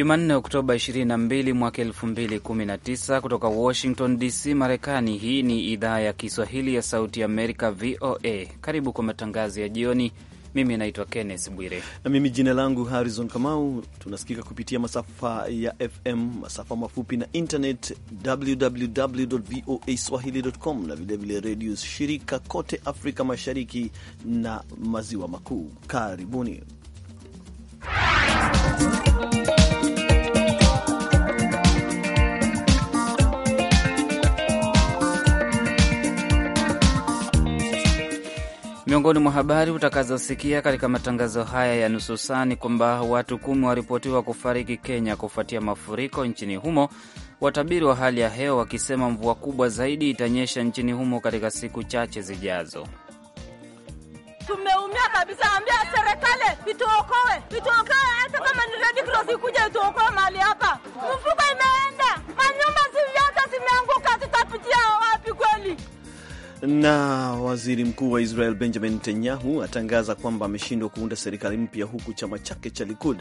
Jumanne, Oktoba 22 mwaka 2019, kutoka Washington DC, Marekani. Hii ni idhaa ya Kiswahili ya Sauti ya Amerika, VOA. Karibu kwa matangazo ya jioni. Mimi naitwa Kenneth Bwire. Na mimi jina langu Harrison Kamau. Tunasikika kupitia masafa ya FM, masafa mafupi na internet, www.voaswahili.com na vilevile redio shirika kote Afrika Mashariki na Maziwa Makuu. Karibuni Miongoni mwa habari utakazosikia katika matangazo haya ya nusu saa ni kwamba watu kumi waripotiwa kufariki Kenya kufuatia mafuriko nchini humo, watabiri wa hali ya hewa wakisema mvua kubwa zaidi itanyesha nchini humo katika siku chache zijazo. Tumeumia kabisa, ambia serikali ituokoe, ituokoe hata kama ni Red Cross ikuja ituokoe mahali hapa. Mfuko imeenda, manyumba zivyote zimeanguka, tutapitia wapi kweli? Na waziri mkuu wa Israel Benjamin Netanyahu atangaza kwamba ameshindwa kuunda serikali mpya huku chama chake cha Likud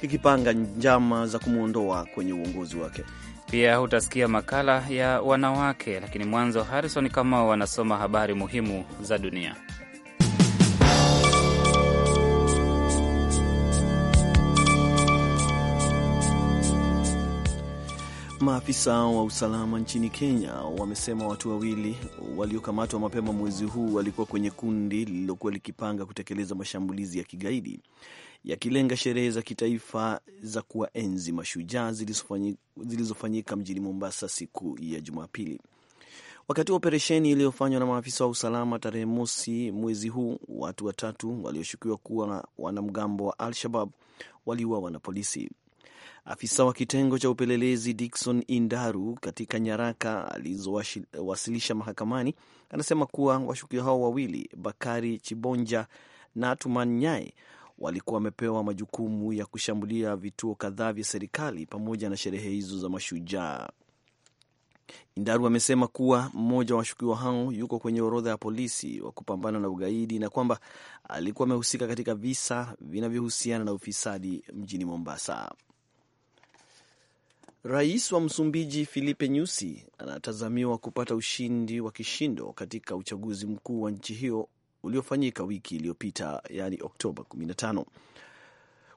kikipanga njama za kumwondoa kwenye uongozi wake. Pia hutasikia makala ya wanawake, lakini mwanzo Harrison Kamau anasoma habari muhimu za dunia. Maafisa wa usalama nchini Kenya wamesema watu wawili waliokamatwa mapema mwezi huu walikuwa kwenye kundi lililokuwa likipanga kutekeleza mashambulizi ya kigaidi yakilenga sherehe za kitaifa za kuwaenzi mashujaa zilizofanyika mjini Mombasa siku ya Jumapili. Wakati wa operesheni iliyofanywa na maafisa wa usalama tarehe mosi mwezi huu, watu watatu walioshukiwa kuwa wanamgambo wa Al-Shabab waliuawa na polisi. Afisa wa kitengo cha upelelezi dikson Indaru, katika nyaraka alizowasilisha mahakamani, anasema kuwa washukiwa hao wawili Bakari Chibonja na Tuman Nyae walikuwa wamepewa majukumu ya kushambulia vituo kadhaa vya serikali pamoja na sherehe hizo za mashujaa. Indaru amesema kuwa mmoja wa washukiwa hao yuko kwenye orodha ya polisi wa kupambana na ugaidi na kwamba alikuwa amehusika katika visa vinavyohusiana na ufisadi mjini Mombasa. Rais wa Msumbiji Filipe Nyusi anatazamiwa kupata ushindi wa kishindo katika uchaguzi mkuu wa nchi hiyo uliofanyika wiki iliyopita, yaani Oktoba 15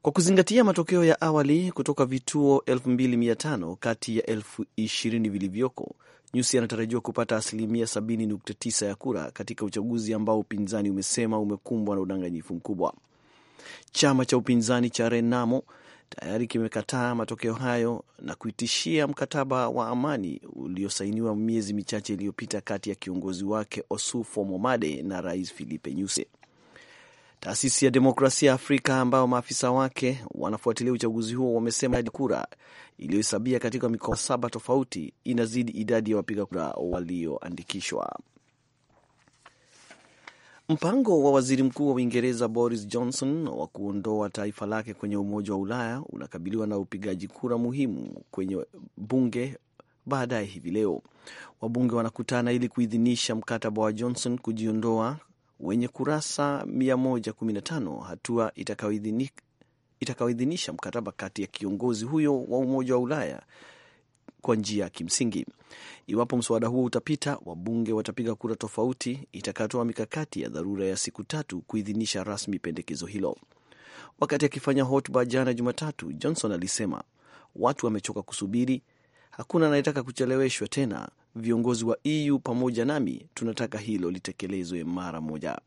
kwa kuzingatia matokeo ya awali kutoka vituo 2500 kati ya 20 vilivyoko, Nyusi anatarajiwa kupata asilimia 70.9 ya kura katika uchaguzi ambao upinzani umesema umekumbwa na udanganyifu mkubwa. Chama cha upinzani cha Renamo tayari kimekataa matokeo hayo na kuitishia mkataba wa amani uliosainiwa miezi michache iliyopita kati ya kiongozi wake osufo Momade na Rais Filipe nyuse Taasisi ya Demokrasia ya Afrika ambayo maafisa wake wanafuatilia uchaguzi huo wamesema idadi kura iliyohesabia katika mikoa saba tofauti inazidi idadi ya wapiga kura walioandikishwa. Mpango wa waziri mkuu wa Uingereza Boris Johnson wa kuondoa taifa lake kwenye Umoja wa Ulaya unakabiliwa na upigaji kura muhimu kwenye bunge baadaye hivi leo. Wabunge wanakutana ili kuidhinisha mkataba wa Johnson kujiondoa wenye kurasa 115, hatua itakayoidhinisha mkataba kati ya kiongozi huyo wa Umoja wa Ulaya kwa njia ya kimsingi. Iwapo mswada huo utapita, wabunge watapiga kura tofauti itakatoa mikakati ya dharura ya siku tatu kuidhinisha rasmi pendekezo hilo. Wakati akifanya hotuba jana Jumatatu, Johnson alisema watu wamechoka kusubiri, hakuna anayetaka kucheleweshwa tena. Viongozi wa EU pamoja nami tunataka hilo litekelezwe mara moja.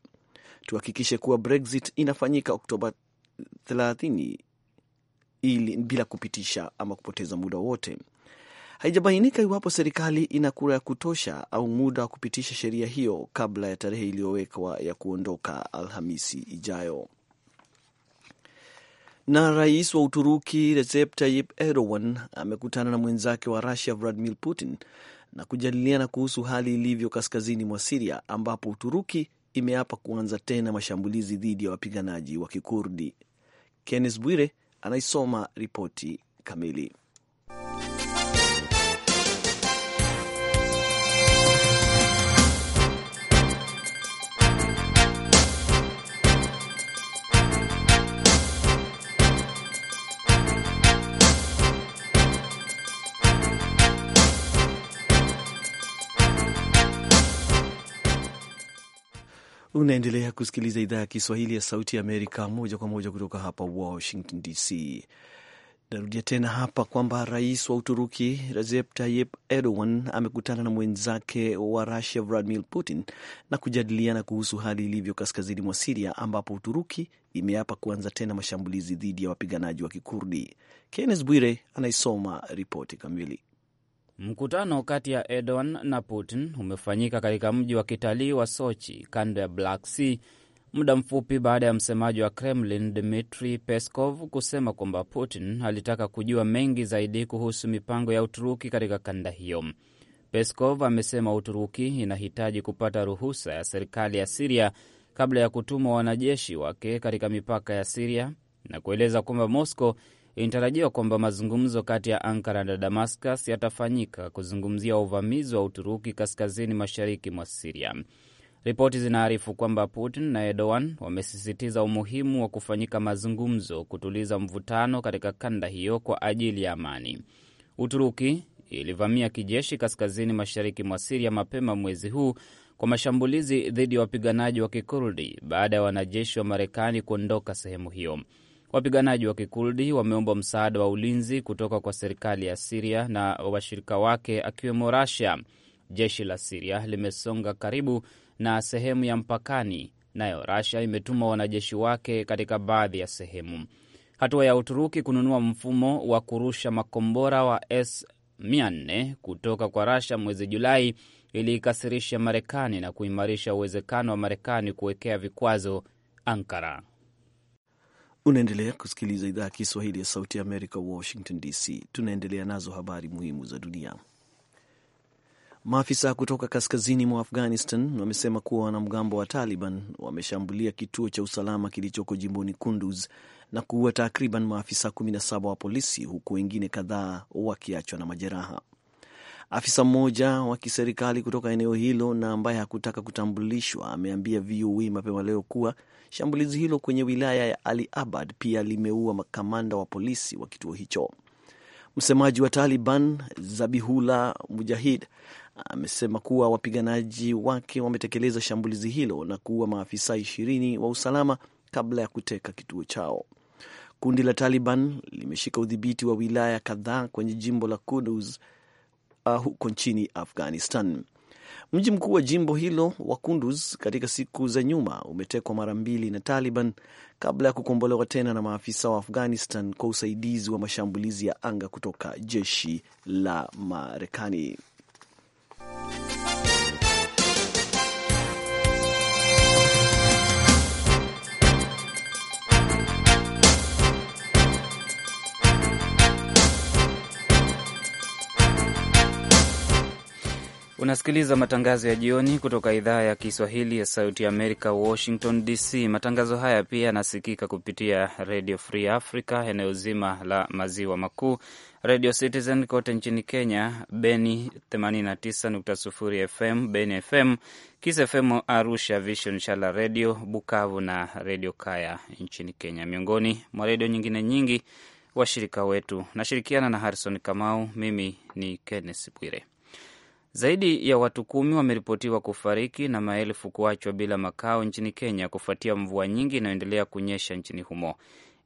Tuhakikishe kuwa Brexit inafanyika Oktoba 30 ili bila kupitisha ama kupoteza muda wote. Haijabainika iwapo serikali ina kura ya kutosha au muda wa kupitisha sheria hiyo kabla ya tarehe iliyowekwa ya kuondoka Alhamisi ijayo. Na rais wa Uturuki Recep Tayyip Erdogan amekutana na mwenzake wa Rusia Vladimir Putin na kujadiliana kuhusu hali ilivyo kaskazini mwa Siria ambapo Uturuki imeapa kuanza tena mashambulizi dhidi ya wapiganaji wa Kikurdi. Kennes Bwire anaisoma ripoti kamili. Unaendelea kusikiliza idhaa ya Kiswahili ya Sauti ya Amerika moja kwa moja kutoka hapa Washington DC. Narudia tena hapa kwamba rais wa Uturuki Recep Tayyip Erdogan amekutana na mwenzake wa Rusia Vladimir Putin na kujadiliana kuhusu hali ilivyo kaskazini mwa Siria, ambapo Uturuki imeapa kuanza tena mashambulizi dhidi ya wapiganaji wa Kikurdi. Kennes Bwire anaisoma ripoti kamili. Mkutano kati ya Erdogan na Putin umefanyika katika mji wa kitalii wa Sochi kando ya Black Sea muda mfupi baada ya msemaji wa Kremlin Dmitri Peskov kusema kwamba Putin alitaka kujua mengi zaidi kuhusu mipango ya Uturuki katika kanda hiyo. Peskov amesema Uturuki inahitaji kupata ruhusa ya serikali ya Siria kabla ya kutuma wanajeshi wake katika mipaka ya Siria na kueleza kwamba Moscow inatarajiwa kwamba mazungumzo kati ya Ankara na Damascus yatafanyika kuzungumzia uvamizi wa Uturuki kaskazini mashariki mwa Siria. Ripoti zinaarifu kwamba Putin na Erdogan wamesisitiza umuhimu wa kufanyika mazungumzo kutuliza mvutano katika kanda hiyo kwa ajili ya amani. Uturuki ilivamia kijeshi kaskazini mashariki mwa Siria mapema mwezi huu kwa mashambulizi dhidi ya wapiganaji wa Kikurdi baada ya wanajeshi wa Marekani kuondoka sehemu hiyo. Wapiganaji wa Kikurdi wameomba msaada wa ulinzi kutoka kwa serikali ya Siria na washirika wake akiwemo Rasia. Jeshi la Siria limesonga karibu na sehemu ya mpakani, nayo Rasia imetuma wanajeshi wake katika baadhi ya sehemu. Hatua ya Uturuki kununua mfumo wa kurusha makombora wa S400 kutoka kwa Rasia mwezi Julai iliikasirisha Marekani na kuimarisha uwezekano wa Marekani kuwekea vikwazo Ankara. Unaendelea kusikiliza idhaa ya Kiswahili ya Sauti ya Amerika, Washington DC. Tunaendelea nazo habari muhimu za dunia. Maafisa kutoka kaskazini mwa Afghanistan wamesema kuwa wanamgambo wa Taliban wameshambulia kituo cha usalama kilichoko jimboni Kunduz na kuua takriban maafisa 17 wa polisi huku wengine kadhaa wakiachwa na majeraha. Afisa mmoja wa kiserikali kutoka eneo hilo na ambaye hakutaka kutambulishwa ameambia VOA mapema leo kuwa shambulizi hilo kwenye wilaya ya Ali Abad pia limeua makamanda wa polisi wa kituo hicho. Msemaji wa Taliban Zabihullah Mujahid amesema kuwa wapiganaji wake wametekeleza shambulizi hilo na kuua maafisa ishirini wa usalama kabla ya kuteka kituo chao. Kundi la Taliban limeshika udhibiti wa wilaya kadhaa kwenye jimbo la Kudus uh, huko nchini Afghanistan. Mji mkuu wa jimbo hilo wa Kunduz katika siku za nyuma umetekwa mara mbili na Taliban kabla ya kukombolewa tena na maafisa wa Afghanistan kwa usaidizi wa mashambulizi ya anga kutoka jeshi la Marekani. Unasikiliza matangazo ya jioni kutoka idhaa ya Kiswahili ya Sauti Amerika, Washington DC. Matangazo haya pia yanasikika kupitia redio Free Africa eneo zima la maziwa makuu, Radio Citizen kote nchini Kenya, Beni 89.0 FM, Beni FM, Kis FM Arusha, Vision Shala Redio Bukavu na redio Kaya nchini Kenya, miongoni mwa redio nyingine nyingi washirika wetu. Nashirikiana na Harrison Kamau, mimi ni Kenneth Bwire. Zaidi ya watu kumi wameripotiwa kufariki na maelfu kuachwa bila makao nchini Kenya kufuatia mvua nyingi inayoendelea kunyesha nchini humo.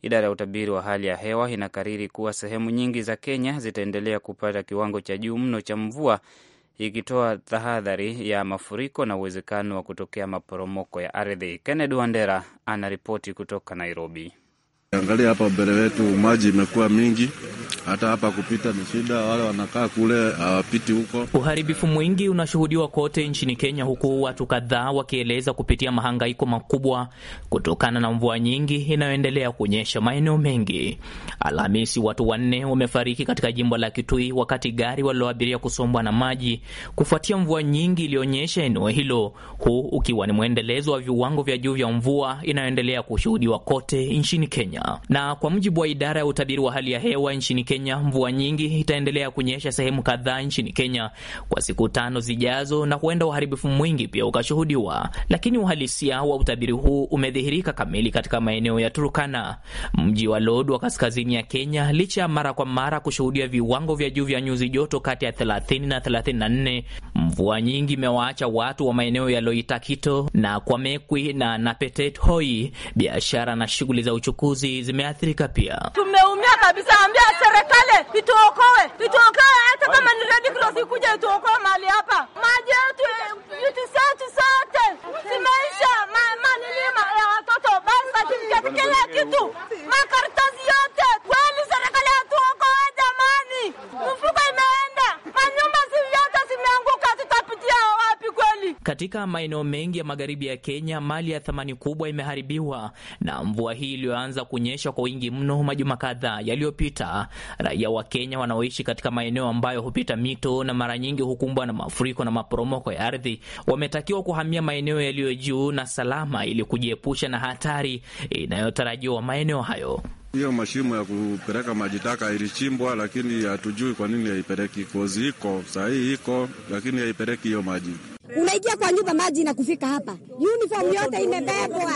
Idara ya utabiri wa hali ya hewa inakariri kuwa sehemu nyingi za Kenya zitaendelea kupata kiwango cha juu mno cha mvua, ikitoa tahadhari ya mafuriko na uwezekano wa kutokea maporomoko ya ardhi. Kennedy Wandera anaripoti kutoka Nairobi. Angalia hapa mbele wetu, maji imekuwa mingi, hata hapa kupita ni shida, wale wanakaa kule hawapiti huko. Uharibifu mwingi unashuhudiwa kote nchini Kenya, huku watu kadhaa wakieleza kupitia mahangaiko makubwa kutokana na mvua nyingi inayoendelea kunyesha maeneo mengi. Alhamisi, watu wanne wamefariki katika jimbo la Kitui wakati gari waliloabiria kusombwa na maji kufuatia mvua nyingi iliyonyesha eneo hilo, huu ukiwa ni mwendelezo wa viwango vya juu vya mvua inayoendelea kushuhudiwa kote nchini Kenya. Kenya. Na kwa mujibu wa idara ya utabiri wa hali ya hewa nchini Kenya, mvua nyingi itaendelea kunyesha sehemu kadhaa nchini Kenya kwa siku tano zijazo, na huenda uharibifu mwingi pia ukashuhudiwa, lakini uhalisia wa utabiri huu umedhihirika kamili katika maeneo ya turukana mji wa Lod wa kaskazini ya Kenya, licha ya mara kwa mara kushuhudia viwango vya juu vya nyuzi joto kati ya 30 na 34. Mvua nyingi imewaacha watu wa maeneo ya Loitakito na Kwamekwi na Napetet Hoi biashara na shughuli za uchukuzi zimeathirika pia. Tumeumia kabisa, ambia serikali ituokoe, ituokoe hata kama ni Red Cross ikuja ituokoe mahali hapa. Maji yetu vitu zetu sote zimeisha, manilima ya watoto basi, kila kitu, makaratasi yote. Kweli serikali hatuokoe jamani, mfuko imeenda Katika maeneo mengi ya magharibi ya Kenya, mali ya thamani kubwa imeharibiwa na mvua hii iliyoanza kunyesha kwa wingi mno majuma kadhaa yaliyopita. Raia wa Kenya wanaoishi katika maeneo ambayo hupita mito na mara nyingi hukumbwa na mafuriko na maporomoko ya ardhi wametakiwa kuhamia maeneo yaliyo juu na salama ili kujiepusha na hatari inayotarajiwa maeneo hayo. Hiyo mashimo ya kupeleka maji taka ilichimbwa, lakini hatujui kwa nini haipeleki kozi. Iko sahii iko, lakini haipeleki hiyo maji unaingia kwa nyumba maji inakufika hapa, uniform yote imebebwa,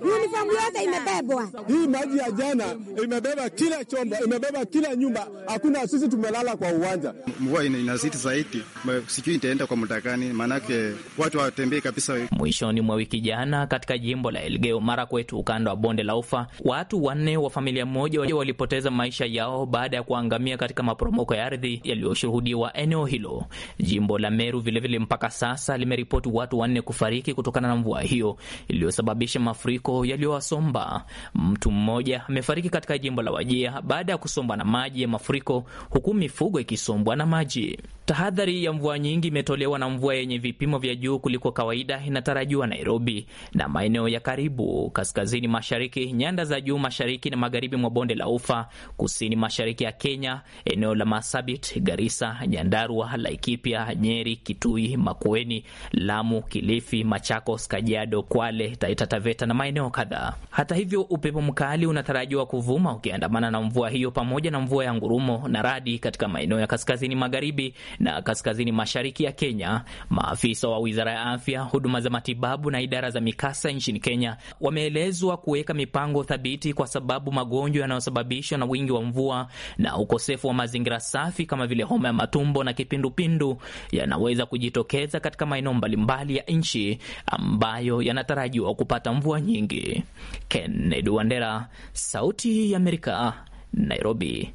uniform yote imebebwa. Hii maji ya jana imebeba kila chombo, imebeba kila nyumba, hakuna sisi tumelala kwa uwanja. Mvua inazidi zaidi, sijui itaenda kwa muda gani, maanake watu hawatembei kabisa. Mwishoni mwa wiki jana katika jimbo la Elgeyo Marakwet, ukanda wa bonde la Ufa, watu wanne wa familia moja walipoteza maisha yao baada ya kuangamia katika maporomoko ya ardhi yaliyoshuhudiwa eneo hilo. Jimbo la Meru vilevile vile mpaka sasa sasa limeripoti watu wanne kufariki kutokana na mvua hiyo iliyosababisha mafuriko yaliyowasomba. Mtu mmoja amefariki katika jimbo la Wajia baada ya kusombwa na maji ya mafuriko, huku mifugo ikisombwa na maji. Tahadhari ya mvua nyingi imetolewa na mvua yenye vipimo vya juu kuliko kawaida inatarajiwa Nairobi na maeneo ya karibu, kaskazini mashariki, nyanda za juu mashariki na magharibi mwa bonde la Ufa, kusini mashariki ya Kenya, eneo la Masabit, Garisa, Nyandarua, Laikipia, Nyeri, Kitui, Makueni Afueni, Lamu, Kilifi, Machakos, Kajiado, Kwale, Taita Taveta na maeneo kadhaa. Hata hivyo, upepo mkali unatarajiwa kuvuma ukiandamana na mvua hiyo pamoja na mvua ya ngurumo na radi katika maeneo ya kaskazini magharibi na kaskazini mashariki ya Kenya. Maafisa wa Wizara ya Afya, huduma za matibabu na idara za mikasa nchini Kenya wameelezwa kuweka mipango thabiti kwa sababu magonjwa yanayosababishwa na wingi wa mvua na ukosefu wa mazingira safi kama vile homa ya matumbo na kipindupindu yanaweza kujitokeza katika maeneo mbalimbali ya nchi ambayo yanatarajiwa kupata mvua nyingi. Kennedy Wandera, Sauti ya Amerika, Nairobi.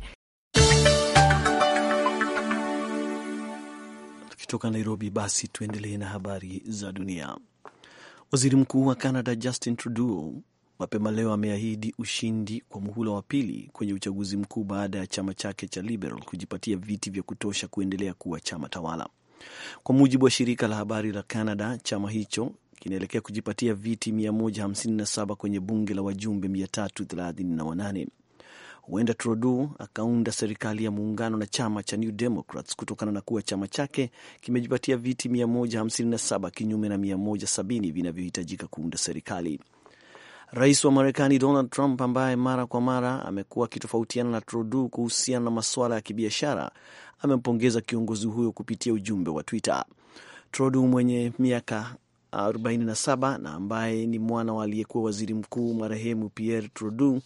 Tukitoka Nairobi basi tuendelee na habari za dunia. Waziri Mkuu wa Canada Justin Trudeau mapema leo ameahidi ushindi kwa muhula wa pili kwenye uchaguzi mkuu baada ya chama chake cha Liberal kujipatia viti vya kutosha kuendelea kuwa chama tawala. Kwa mujibu wa shirika la habari la Canada, chama hicho kinaelekea kujipatia viti 157 kwenye bunge la wajumbe 338. Huenda Trudeau akaunda serikali ya muungano na chama cha New Democrats kutokana na kuwa chama chake kimejipatia viti 157 kinyume na 170 vinavyohitajika kuunda serikali. Rais wa Marekani Donald Trump, ambaye mara kwa mara amekuwa akitofautiana na Trudeau kuhusiana na masuala ya kibiashara, amempongeza kiongozi huyo kupitia ujumbe wa Twitter. Trudeau mwenye miaka 47 na ambaye ni mwana wa aliyekuwa waziri mkuu marehemu Pierre Trudeau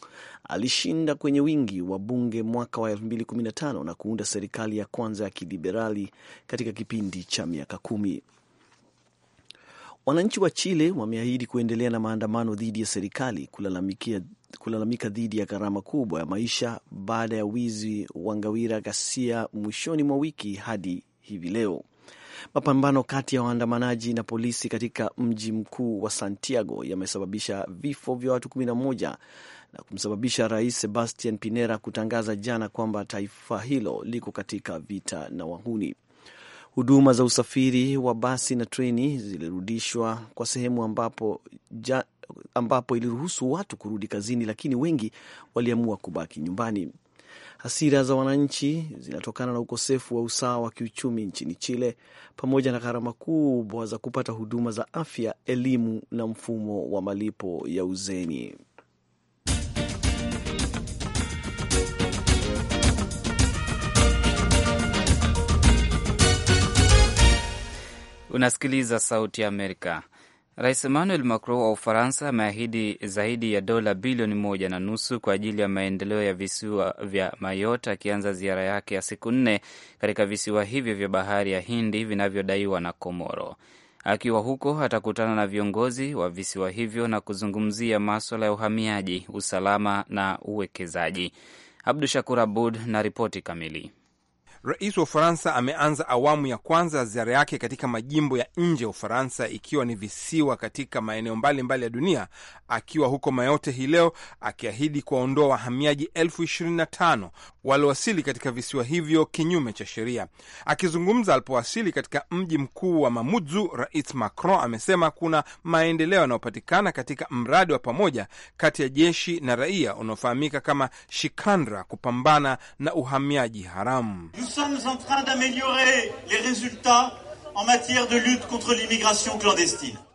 alishinda kwenye wingi wa bunge mwaka wa 2015 na kuunda serikali ya kwanza ya kiliberali katika kipindi cha miaka kumi. Wananchi wa Chile wameahidi kuendelea na maandamano dhidi ya serikali kulalamikia kulalamika dhidi ya gharama kubwa ya maisha baada ya wizi wa ngawira ghasia mwishoni mwa wiki hadi hivi leo. Mapambano kati ya waandamanaji na polisi katika mji mkuu wa Santiago yamesababisha vifo vya watu 11 na kumsababisha Rais Sebastian Pinera kutangaza jana kwamba taifa hilo liko katika vita na wahuni. Huduma za usafiri wa basi na treni zilirudishwa kwa sehemu ambapo, ja, ambapo iliruhusu watu kurudi kazini, lakini wengi waliamua kubaki nyumbani. Hasira za wananchi zinatokana na ukosefu wa usawa wa kiuchumi nchini Chile pamoja na gharama kubwa za kupata huduma za afya, elimu na mfumo wa malipo ya uzeni. Unasikiliza Sauti ya Amerika. Rais Emmanuel Macron wa Ufaransa ameahidi zaidi ya dola bilioni moja na nusu kwa ajili ya maendeleo ya visiwa vya Mayotte, akianza ziara yake ya siku nne katika visiwa hivyo vya bahari ya Hindi vinavyodaiwa na Komoro. Akiwa huko atakutana na viongozi wa visiwa hivyo na kuzungumzia maswala ya uhamiaji, usalama na uwekezaji. Abdu Shakur Abud na ripoti kamili. Rais wa Ufaransa ameanza awamu ya kwanza ya ziara yake katika majimbo ya nje ya Ufaransa, ikiwa ni visiwa katika maeneo mbalimbali ya dunia, akiwa huko Mayote hii leo akiahidi kuwaondoa wahamiaji elfu ishirini na tano waliowasili katika visiwa hivyo kinyume cha sheria. Akizungumza alipowasili katika mji mkuu wa Mamudzu, Rais Macron amesema kuna maendeleo yanayopatikana katika mradi wa pamoja kati ya jeshi na raia unaofahamika kama Shikandra kupambana na uhamiaji haramu.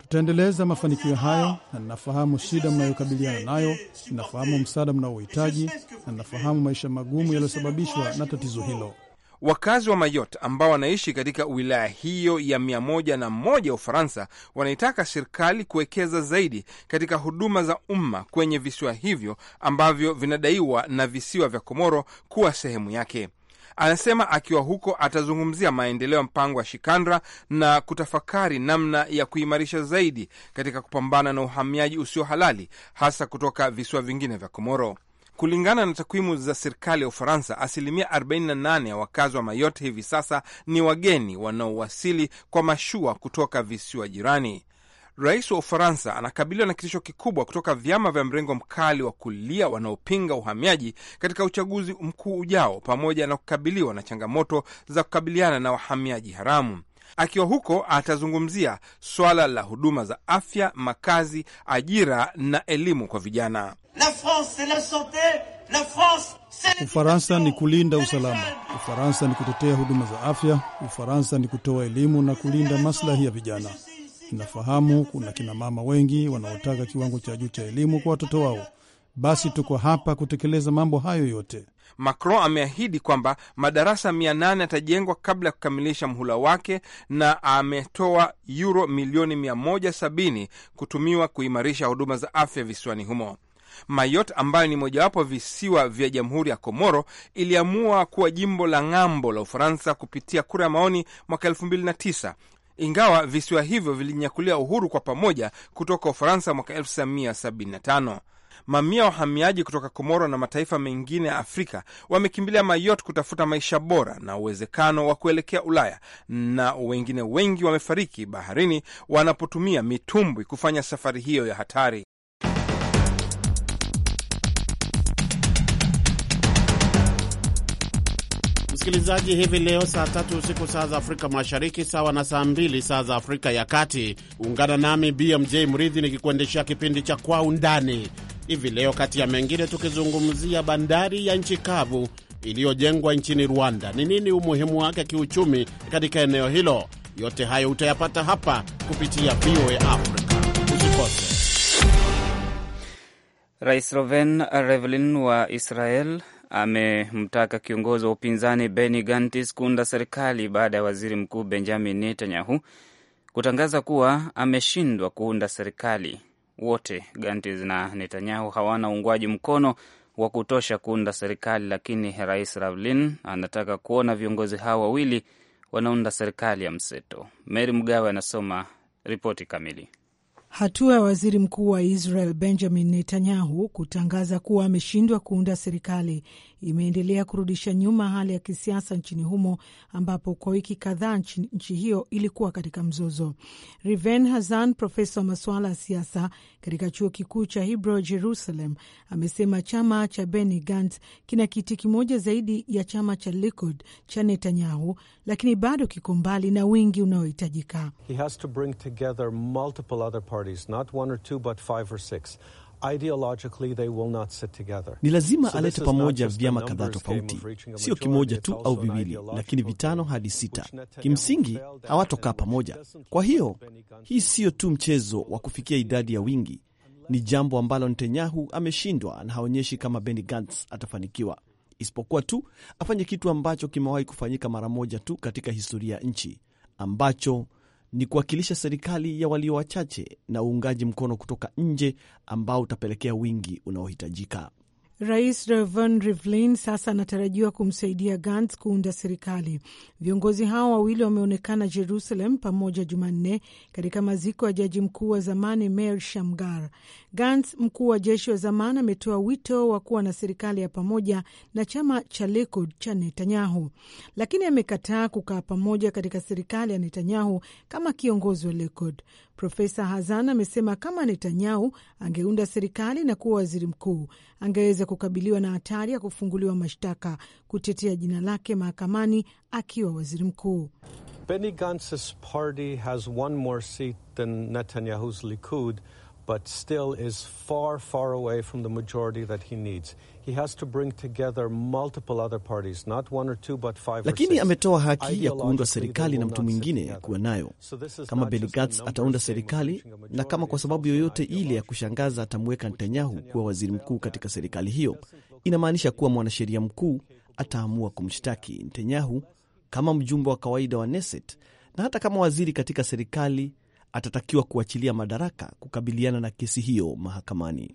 Tutaendeleza mafanikio hayo, na ninafahamu shida mnayokabiliana nayo, ninafahamu msaada mnaohitaji, na ninafahamu maisha magumu yaliyosababishwa na tatizo hilo. Wakazi wa mayot ambao wanaishi katika wilaya hiyo ya mia moja na moja ya Ufaransa wanaitaka serikali kuwekeza zaidi katika huduma za umma kwenye visiwa hivyo ambavyo vinadaiwa na visiwa vya Komoro kuwa sehemu yake. Anasema akiwa huko atazungumzia maendeleo ya mpango wa Shikandra na kutafakari namna ya kuimarisha zaidi katika kupambana na uhamiaji usio halali, hasa kutoka visiwa vingine vya Komoro. Kulingana na takwimu za serikali ya Ufaransa, asilimia 48 ya wakazi wa Mayotte hivi sasa ni wageni wanaowasili kwa mashua kutoka visiwa jirani. Rais wa Ufaransa anakabiliwa na kitisho kikubwa kutoka vyama vya mrengo mkali wa kulia wanaopinga uhamiaji katika uchaguzi mkuu ujao, pamoja na kukabiliwa na changamoto za kukabiliana na wahamiaji haramu. Akiwa huko atazungumzia swala la huduma za afya, makazi, ajira na elimu kwa vijana. Ufaransa ni kulinda usalama, Ufaransa ni kutetea huduma za afya, Ufaransa ni kutoa elimu na kulinda maslahi ya vijana. Ninafahamu kuna kina mama wengi wanaotaka kiwango cha juu cha elimu kwa watoto wao. Basi tuko hapa kutekeleza mambo hayo yote. Macron ameahidi kwamba madarasa 800 yatajengwa kabla ya kukamilisha mhula wake, na ametoa yuro milioni 170 kutumiwa kuimarisha huduma za afya visiwani humo. Mayot ambayo ni mojawapo visiwa vya jamhuri ya Komoro iliamua kuwa jimbo la ng'ambo la Ufaransa kupitia kura ya maoni mwaka 2009 ingawa visiwa hivyo vilinyakulia uhuru kwa pamoja kutoka Ufaransa mwaka 1975. Mamia wahamiaji kutoka Komoro na mataifa mengine ya Afrika wamekimbilia Mayot kutafuta maisha bora na uwezekano wa kuelekea Ulaya, na wengine wengi wamefariki baharini wanapotumia mitumbwi kufanya safari hiyo ya hatari. msikilizaji, hivi leo saa tatu usiku saa za Afrika Mashariki, sawa na saa mbili saa za Afrika ya Kati. Ungana nami BMJ Mridhi nikikuendeshea kipindi cha Kwa Undani hivi leo, kati ya mengine tukizungumzia bandari ya nchi kavu iliyojengwa nchini Rwanda. Ni nini umuhimu wake kiuchumi katika eneo hilo? Yote hayo utayapata hapa kupitia VOA Africa. Usikose. Rais Reuven Rivlin wa Israel amemtaka kiongozi wa upinzani Benny gantis kuunda serikali baada ya waziri mkuu Benjamin Netanyahu kutangaza kuwa ameshindwa kuunda serikali. Wote gantis na Netanyahu hawana uungwaji mkono wa kutosha kuunda serikali, lakini rais Ravlin anataka kuona viongozi hao wawili wanaunda serikali ya mseto. Meri Mgawe anasoma ripoti kamili. Hatua ya waziri mkuu wa Israel Benjamin Netanyahu kutangaza kuwa ameshindwa kuunda serikali imeendelea kurudisha nyuma hali ya kisiasa nchini humo ambapo kwa wiki kadhaa nchi, nchi hiyo ilikuwa katika mzozo. Riven Hazan, profesa wa masuala ya siasa katika chuo kikuu cha Hebrew Jerusalem, amesema chama cha Benny Gantz kina kiti kimoja zaidi ya chama cha Likud cha Netanyahu, lakini bado kiko mbali na wingi unaohitajika. Ni lazima alete pamoja vyama kadhaa tofauti, sio kimoja tu au viwili, lakini vitano hadi sita. Kimsingi hawatokaa pamoja. Kwa hiyo hii siyo tu mchezo wa kufikia idadi ya wingi, ni jambo ambalo Netanyahu ameshindwa na haonyeshi kama Benny Gantz atafanikiwa, isipokuwa tu afanye kitu ambacho kimewahi kufanyika mara moja tu katika historia ya nchi ambacho ni kuwakilisha serikali ya walio wachache na uungaji mkono kutoka nje ambao utapelekea wingi unaohitajika. Rais Revan Rivlin sasa anatarajiwa kumsaidia Gantz kuunda serikali. Viongozi hao wawili wameonekana Jerusalem pamoja Jumanne katika maziko ya jaji mkuu wa zamani Meir Shamgar. Gantz, mkuu wa jeshi wa zamani, ametoa wito wa kuwa na serikali ya pamoja na chama cha Likud cha Netanyahu, lakini amekataa kukaa pamoja katika serikali ya Netanyahu kama kiongozi wa Likud. Profesa Hazan amesema kama Netanyahu angeunda serikali na kuwa waziri mkuu, angeweza kukabiliwa na hatari ya kufunguliwa mashtaka kutetea jina lake mahakamani akiwa waziri mkuu. Benny Gantz's party has one more seat than Netanyahu's Likud, but still is far, far away from the majority that he needs lakini ametoa haki ya kuundwa serikali na mtu mwingine kuwa nayo. Kama Benny ataunda serikali na kama kwa sababu yoyote ile ya kushangaza atamweka Netanyahu kuwa waziri mkuu katika serikali hiyo, inamaanisha kuwa mwanasheria mkuu ataamua kumshtaki Netanyahu kama mjumbe wa kawaida wa Neset na hata kama waziri katika serikali atatakiwa kuachilia madaraka kukabiliana na kesi hiyo mahakamani.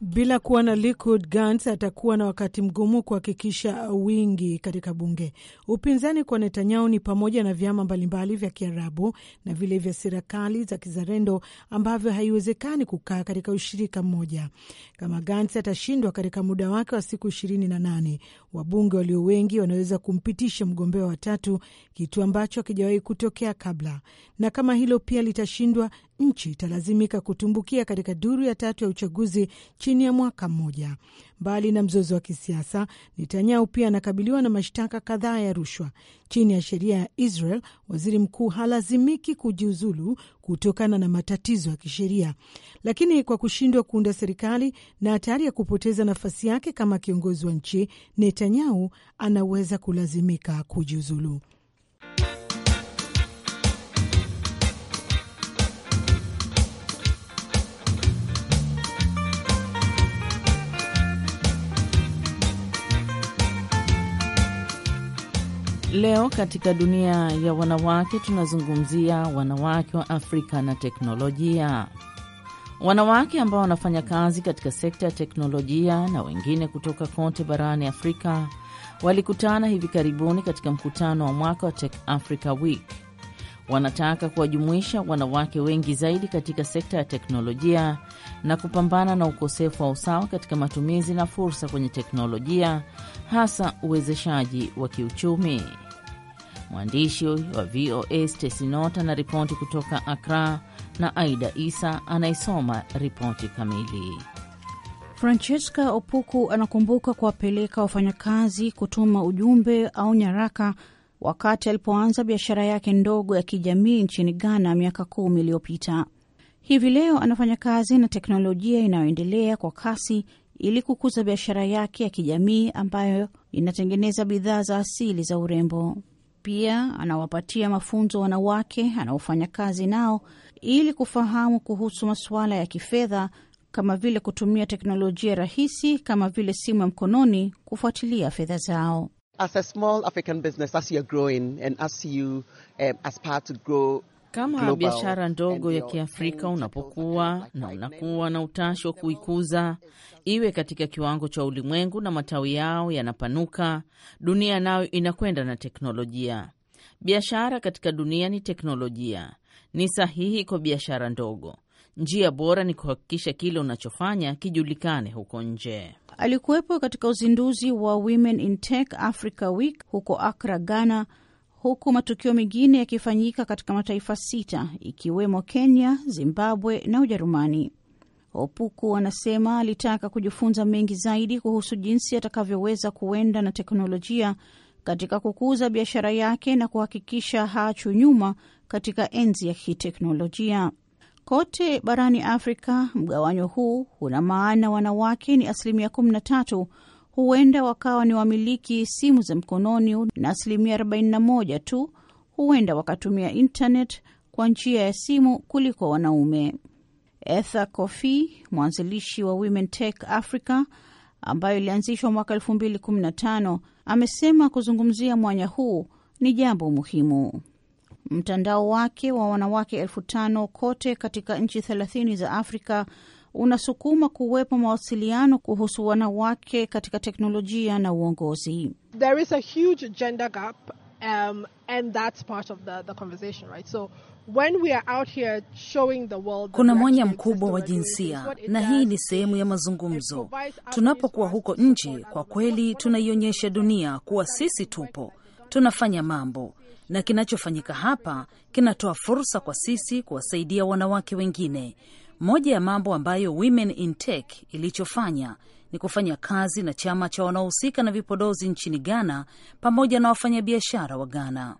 Bila kuwa na Likud, Gantz atakuwa na wakati mgumu kuhakikisha wingi katika bunge. Upinzani kwa Netanyahu ni pamoja na vyama mbalimbali vya Kiarabu na vile vya serikali za kizalendo ambavyo haiwezekani kukaa katika ushirika mmoja. Kama Gantz atashindwa katika muda wake wa siku ishirini na nane, wabunge walio wengi wanaweza kumpitisha mgombea wa tatu, kitu ambacho hakijawahi kutokea kabla. Na kama hilo pia litashindwa, nchi italazimika kutumbukia katika duru ya tatu ya uchaguzi chini ya mwaka mmoja. Mbali na mzozo wa kisiasa, Netanyahu pia anakabiliwa na mashtaka kadhaa ya rushwa. Chini ya sheria ya Israel, waziri mkuu halazimiki kujiuzulu kutokana na matatizo ya kisheria, lakini kwa kushindwa kuunda serikali na hatari ya kupoteza nafasi yake kama kiongozi wa nchi, Netanyahu anaweza kulazimika kujiuzulu. Leo katika dunia ya wanawake tunazungumzia wanawake wa Afrika na teknolojia, wanawake ambao wanafanya kazi katika sekta ya teknolojia na wengine kutoka kote barani Afrika walikutana hivi karibuni katika mkutano wa mwaka wa Tech Africa Week. Wanataka kuwajumuisha wanawake wengi zaidi katika sekta ya teknolojia na kupambana na ukosefu wa usawa katika matumizi na fursa kwenye teknolojia, hasa uwezeshaji wa kiuchumi. Mwandishi wa VOA stesinot Nota ana ripoti kutoka Akra na Aida Isa anayesoma ripoti kamili. Francesca Opuku anakumbuka kuwapeleka wafanyakazi kutuma ujumbe au nyaraka wakati alipoanza biashara yake ndogo ya kijamii nchini Ghana miaka kumi iliyopita. Hivi leo anafanya kazi na teknolojia inayoendelea kwa kasi ili kukuza biashara yake ya kijamii ambayo inatengeneza bidhaa za asili za urembo. Pia anawapatia mafunzo wanawake anaofanya kazi nao ili kufahamu kuhusu masuala ya kifedha kama vile kutumia teknolojia rahisi kama vile simu ya mkononi kufuatilia fedha zao. As a small African business, as you're growing and as you um, aspire to grow kama biashara ndogo ya Kiafrika, unapokuwa na unakuwa na utashi wa kuikuza iwe katika kiwango cha ulimwengu na matawi yao yanapanuka, dunia nayo inakwenda na teknolojia. Biashara katika dunia ni teknolojia, ni sahihi kwa biashara ndogo. Njia bora ni kuhakikisha kile unachofanya kijulikane huko nje. Alikuwepo katika uzinduzi wa Women in Tech Africa Week huko Accra, Ghana huku matukio mengine yakifanyika katika mataifa sita ikiwemo Kenya, Zimbabwe na Ujerumani. Opuku anasema alitaka kujifunza mengi zaidi kuhusu jinsi atakavyoweza kuenda na teknolojia katika kukuza biashara yake na kuhakikisha haachwi nyuma katika enzi ya kiteknolojia. Kote barani Afrika, mgawanyo huu una maana wanawake ni asilimia tatu huenda wakawa ni wamiliki simu za mkononi na asilimia 41 tu huenda wakatumia intanet kwa njia ya simu kuliko wanaume. Ether Coffey, mwanzilishi wa Women Tech Africa ambayo ilianzishwa mwaka 2015, amesema kuzungumzia mwanya huu ni jambo muhimu. Mtandao wake wa wanawake elfu tano kote katika nchi 30 za Afrika unasukuma kuwepo mawasiliano kuhusu wanawake katika teknolojia na uongozi. There is a huge gender gap, um, and that's part of the, the conversation, right? So When we are out here showing the world kuna mwanya mkubwa wa jinsia na hii ni sehemu ya mazungumzo. Tunapokuwa huko nje, kwa kweli tunaionyesha dunia kuwa sisi tupo, tunafanya mambo, na kinachofanyika hapa kinatoa fursa kwa sisi kuwasaidia wanawake wengine. Moja ya mambo ambayo Women in Tech ilichofanya ni kufanya kazi na chama cha wanaohusika na vipodozi nchini Ghana pamoja na wafanyabiashara wa Ghana.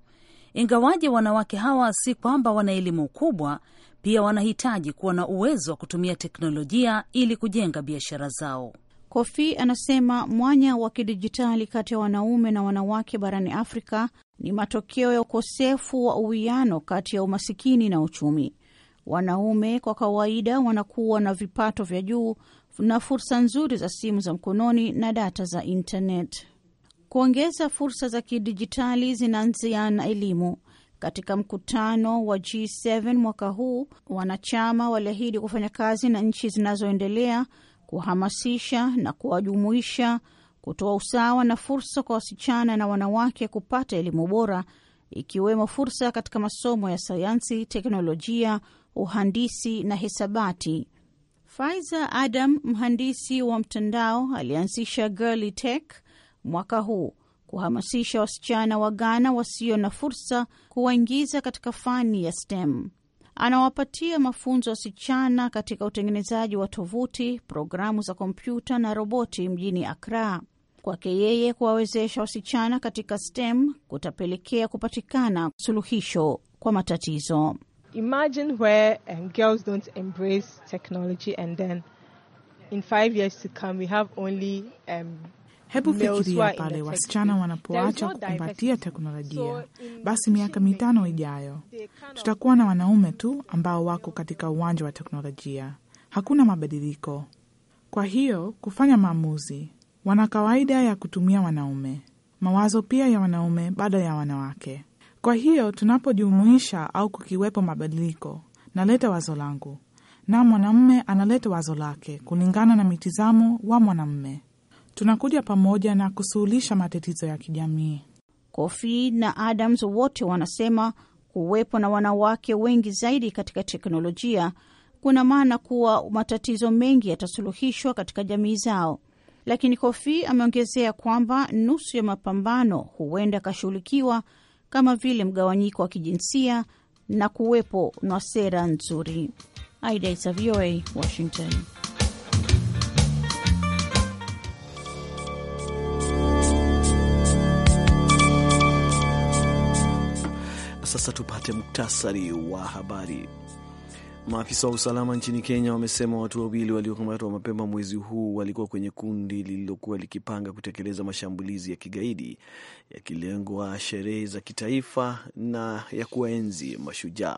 Ingawaje wanawake hawa si kwamba wana elimu kubwa, pia wanahitaji kuwa na uwezo wa kutumia teknolojia ili kujenga biashara zao. Kofi anasema mwanya wa kidijitali kati ya wanaume na wanawake barani Afrika ni matokeo ya ukosefu wa uwiano kati ya umasikini na uchumi. Wanaume kwa kawaida wanakuwa na vipato vya juu na fursa nzuri za simu za mkononi na data za intanet. Kuongeza fursa za kidijitali zinaanzia na elimu. Katika mkutano wa G7 mwaka huu, wanachama waliahidi kufanya kazi na nchi zinazoendelea kuhamasisha na kuwajumuisha, kutoa usawa na fursa kwa wasichana na wanawake kupata elimu bora, ikiwemo fursa katika masomo ya sayansi, teknolojia, uhandisi na hisabati. Faiza Adam, mhandisi wa mtandao, alianzisha Girly Tech mwaka huu kuhamasisha wasichana wa Ghana wasio na fursa kuwaingiza katika fani ya STEM. Anawapatia mafunzo wasichana katika utengenezaji wa tovuti, programu za kompyuta na roboti mjini Akra. Kwake yeye, kuwawezesha wasichana katika STEM kutapelekea kupatikana suluhisho kwa matatizo imagine where um, girls don't embrace technology and then in five years to come we have only um, Hebu fikiria pale wasichana wanapoacha kukumbatia teknolojia, basi miaka mitano ijayo tutakuwa na wanaume tu ambao wako katika uwanja wa teknolojia. Hakuna mabadiliko. Kwa hiyo kufanya maamuzi, wana kawaida ya kutumia wanaume, mawazo pia ya wanaume baada ya wanawake. Kwa hiyo tunapojumuisha au kukiwepo mabadiliko, naleta wazo langu na mwanamume analeta wazo lake kulingana na mitizamo wa mwanamume. Tunakuja pamoja na kusuluhisha matatizo ya kijamii. Kofi na Adams wote wanasema kuwepo na wanawake wengi zaidi katika teknolojia kuna maana kuwa matatizo mengi yatasuluhishwa katika jamii zao, lakini Kofi ameongezea kwamba nusu ya mapambano huenda akashughulikiwa kama vile mgawanyiko wa kijinsia na kuwepo na sera nzuri. Aida Isa, VOA, Washington. Sasa tupate muktasari wa habari. Maafisa wa usalama nchini Kenya wamesema watu wawili waliokamatwa mapema mwezi huu walikuwa kwenye kundi lililokuwa likipanga kutekeleza mashambulizi ya kigaidi yakilengwa sherehe za kitaifa na ya kuwaenzi mashujaa.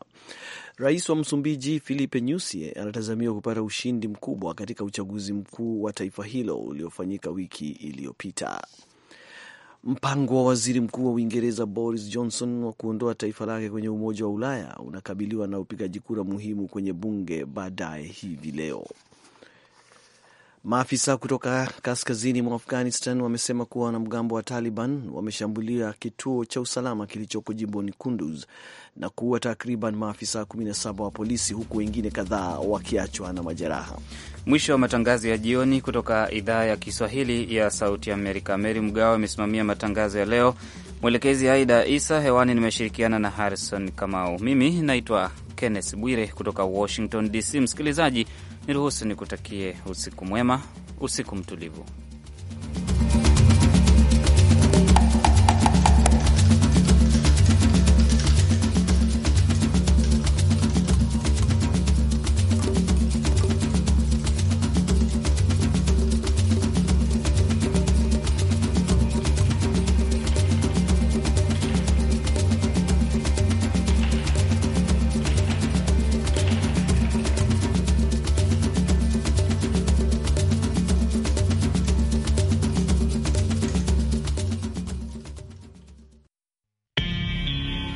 Rais wa Msumbiji Filipe Nyusi anatazamiwa kupata ushindi mkubwa katika uchaguzi mkuu wa taifa hilo uliofanyika wiki iliyopita. Mpango wa waziri mkuu wa Uingereza Boris Johnson wa kuondoa taifa lake kwenye Umoja wa Ulaya unakabiliwa na upigaji kura muhimu kwenye bunge baadaye hivi leo. Maafisa kutoka kaskazini mwa Afghanistan wamesema kuwa wanamgambo wa Taliban wameshambulia kituo cha usalama kilichoko jimboni Kunduz na kuua takriban maafisa 17 wa polisi huku wengine kadhaa wakiachwa na majeraha. Mwisho wa matangazo ya jioni kutoka idhaa ya Kiswahili ya Sauti Amerika. Meri Mgawe amesimamia matangazo ya leo, mwelekezi Aida Isa. Hewani nimeshirikiana na Harrison Kamau. Mimi naitwa Kenneth Bwire kutoka Washington DC. Msikilizaji Niruhusu nikutakie usiku mwema, usiku mtulivu.